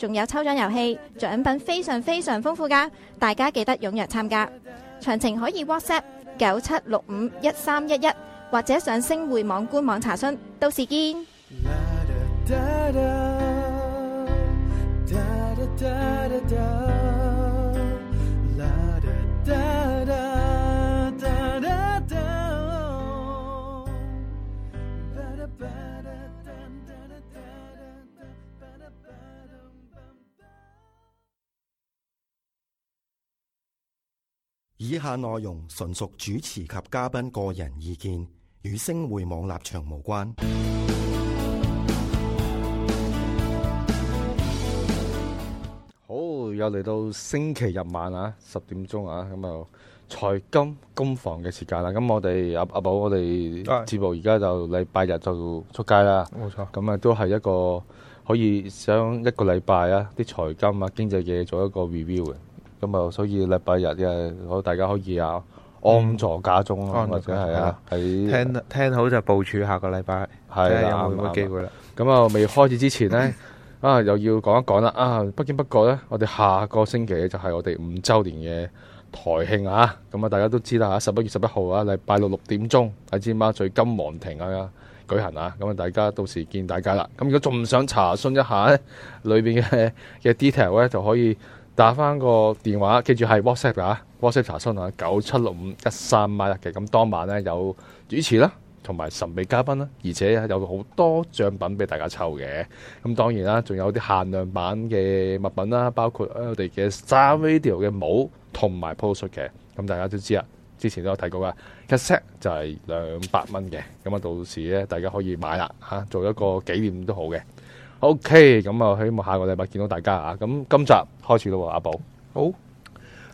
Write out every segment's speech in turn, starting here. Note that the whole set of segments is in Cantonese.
仲有抽獎遊戲，獎品非常非常豐富噶，大家記得踊躍參加。詳情可以 WhatsApp 97651311，或者上星匯網官網查詢。到時見。Da da da 以下內容純屬主持及嘉賓個人意見，與星匯網立場無關。好，又嚟到星期日晚啊，十點鐘啊，咁啊，財金工房嘅時間啦。咁我哋阿阿寶，我哋節目而家就禮拜日就出街啦。冇錯錯。咁啊，都係一個可以想一個禮拜啊，啲財金啊，經濟嘢做一個 review 嘅。咁啊，所以禮拜日嘅，我大家可以啊安坐家中啦，或者係啊喺聽聽好就部署下個禮拜係有冇機會啦。咁啊，未開始之前咧，啊又要講一講啦。啊，不經不覺咧，我哋下個星期就係我哋五周年嘅台慶啊。咁啊，大家都知啦吓，十一月十一號啊，禮拜六六點鐘喺尖沙咀金皇庭啊舉行啊。咁啊，大家到時見大家啦。咁如果仲想查詢一下咧，裏邊嘅嘅 detail 咧，就可以。打翻個電話，記住係 WhatsApp 啊。WhatsApp 查詢啊，九七六五一三八一嘅。咁當晚咧有主持啦，同埋神秘嘉賓啦，而且有好多獎品俾大家抽嘅。咁當然啦，仲有啲限量版嘅物品啦，包括我哋嘅 Star Radio 嘅帽同埋 post 嘅。咁大家都知啦，之前都有提過嘅。一 set 就係兩百蚊嘅，咁啊到時咧大家可以買啦嚇、啊，做一個紀念都好嘅。O K，咁啊，okay，我希望下個禮拜見到大家啊。咁今集開始咯，阿寶。好。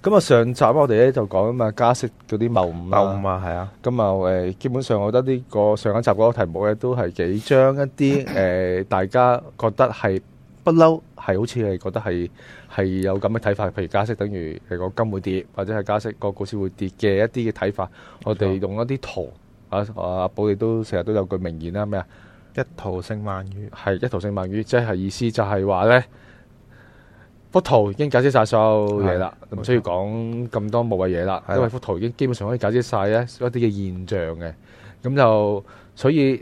咁啊，上集我哋咧就講啊，加息嗰啲謬誤嘛，係啊。咁啊，誒，基本上我覺得呢個上一集嗰個題目咧，都係幾張一啲誒，大家覺得係不嬲，係好似係覺得係係有咁嘅睇法。譬如加息等於係個金會跌，或者係加息個股市會跌嘅一啲嘅睇法。的我哋用一啲圖啊，阿阿寶，亦都成日都有句名言啦，咩啊？一圖勝萬語，係一圖勝萬語，即係意思就係話咧，幅圖已經解釋晒所有嘢啦，唔的需要講咁多無謂嘢啦，的因為幅圖已經基本上可以解釋晒咧一啲嘅現象嘅，咁就所以。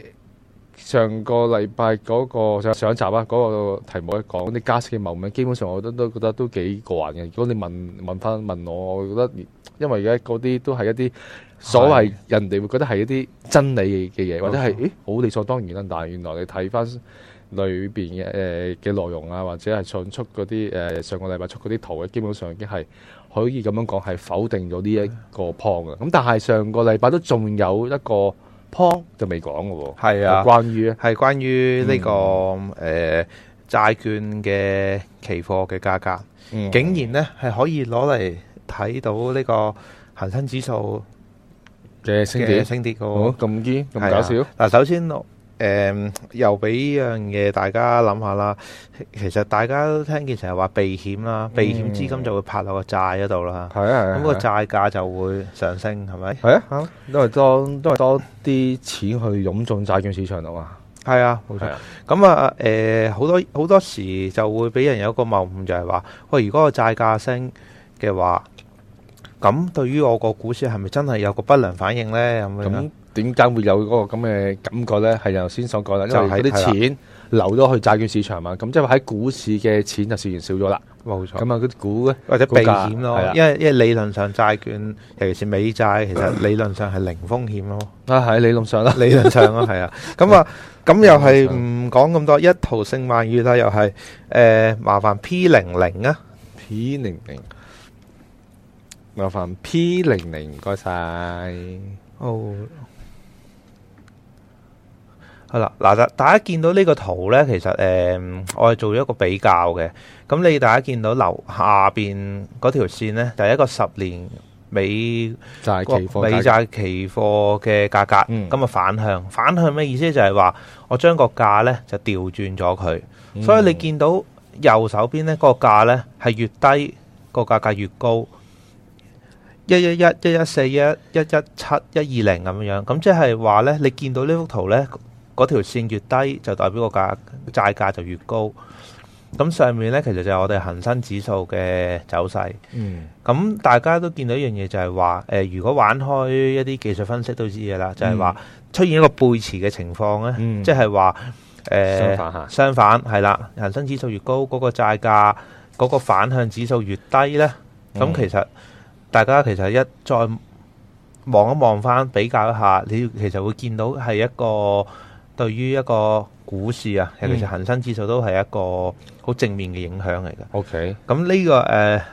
上個禮拜嗰個上一集啊，嗰個題目一講，啲加息嘅問題，基本上我都都覺得都幾過癮嘅。如果你問問翻問我，我覺得因為而家嗰啲都係一啲所謂的人哋會覺得係一啲真理嘅嘢，的或者係誒好理所當然啦。但係原來你睇翻裏邊嘅誒嘅內容啊，或者係上出嗰啲誒上個禮拜出嗰啲圖嘅，基本上已經係可以咁樣講係否定咗呢一個 point 嘅。咁但係上個禮拜都仲有一個。磅就未講嘅喎，係啊，關於係關於呢個誒債券嘅期貨嘅價格，竟然咧係可以攞嚟睇到呢個恆生指數嘅升跌，升跌嘅喎，咁堅咁搞笑嗱，首先落。誒、嗯，又俾呢樣嘢大家諗下啦。其實大家都聽見成日話避險啦，避險資金就會拍落、嗯、個債嗰度啦。係啊係啊，咁個債價就會上升，係咪？係啊，因為、啊、吧多因為多啲錢去湧進債券市場度啊。係像啊，冇錯，咁啊誒，好、嗯嗯嗯嗯嗯嗯嗯、多好多時就會俾人有個謬誤，就係話，喂，如果個債價升嘅話，咁對於我個股市係咪真係有個不良反應咧？咁。嗯點解會有嗰個咁嘅感覺咧？係由先所講啦，因為嗰啲錢流咗去債券市場嘛，咁即係話喺股市嘅錢就自然少咗啦。冇錯。咁啊，嗰啲股咧，或者避險咯，因為因為理論上債券，尤其是美債，其實理論上係零風險咯。啊，喺理論上啦，理論上啦，係啊。咁啊，咁又係唔講咁多，一圖勝萬語啦，又係誒，麻煩 P 零零啊，P 零零，麻煩 P 零零，唔該晒。好。係啦，嗱，大家見到呢個圖呢，其實誒、呃，我係做咗一個比較嘅。咁你大家見到樓下邊嗰條線呢，就係、是、一個十年美債期貨嘅價格。咁啊、嗯、反向，反向咩意思就，就係話我將個價呢就調轉咗佢。嗯、所以你見到右手邊呢個價呢，係越低個價格越高，一一一一一四一一一七一二零咁樣樣。咁即係話呢，你見到呢幅圖呢。嗰條線越低，就代表個價債價就越高。咁上面呢，其實就係我哋恒生指數嘅走勢。嗯。咁大家都見到一樣嘢，就係話誒，如果玩開一啲技術分析都知嘢啦，就係、是、話出現一個背馳嘅情況呢，即係話誒相反係啦，恒反、啊、生指數越高，嗰、那個債價嗰、那個反向指數越低呢。咁、嗯、其實大家其實一再望一望翻，比較一下，你其實會見到係一個。對於一個股市啊，尤其是恒生指數，都係一個好正面嘅影響嚟嘅。OK，咁呢、這個誒誒、呃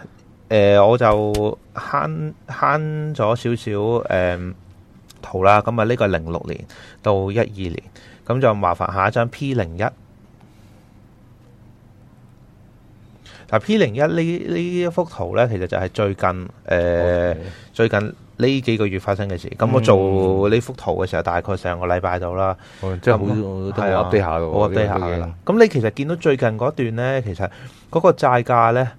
呃，我就慳慳咗少少誒、呃、圖啦。咁、這個、啊，呢個零六年到一二年，咁就麻煩下一張 P 零一。嗱，P 零一呢呢一幅圖咧，其實就係最近誒最近。呃 Okay. 最近呢幾個月發生嘅事，咁我、嗯、做呢幅圖嘅時候，大概上個禮拜到啦、哦。即係冇，係、嗯、啊，我 update 下嘅啦。咁你其實見到最近嗰段呢，其實嗰個債價呢，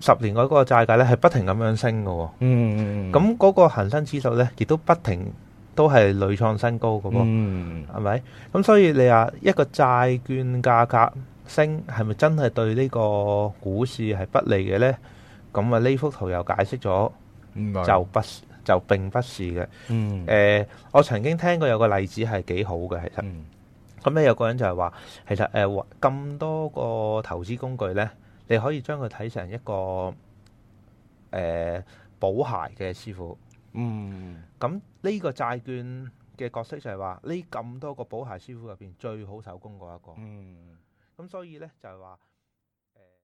十年嗰個債價呢，係不停咁樣升嘅、嗯。嗯，咁嗰個恒生指數呢，亦都不停，都係屢創新高嘅噃。嗯，係咪？咁所以你話一個債券價格升，係咪真係對呢個股市係不利嘅呢？咁啊，呢幅圖又解釋咗。就不是，就並不是嘅。誒、嗯呃，我曾經聽過有個例子係幾好嘅，其實，咁咧、嗯嗯、有個人就係話，其實誒，咁、呃、多個投資工具咧，你可以將佢睇成一個誒補、呃、鞋嘅師傅，嗯，咁呢個債券嘅角色就係話呢咁多個補鞋師傅入邊最好手工嗰一個，嗯，咁所以咧就係、是、話。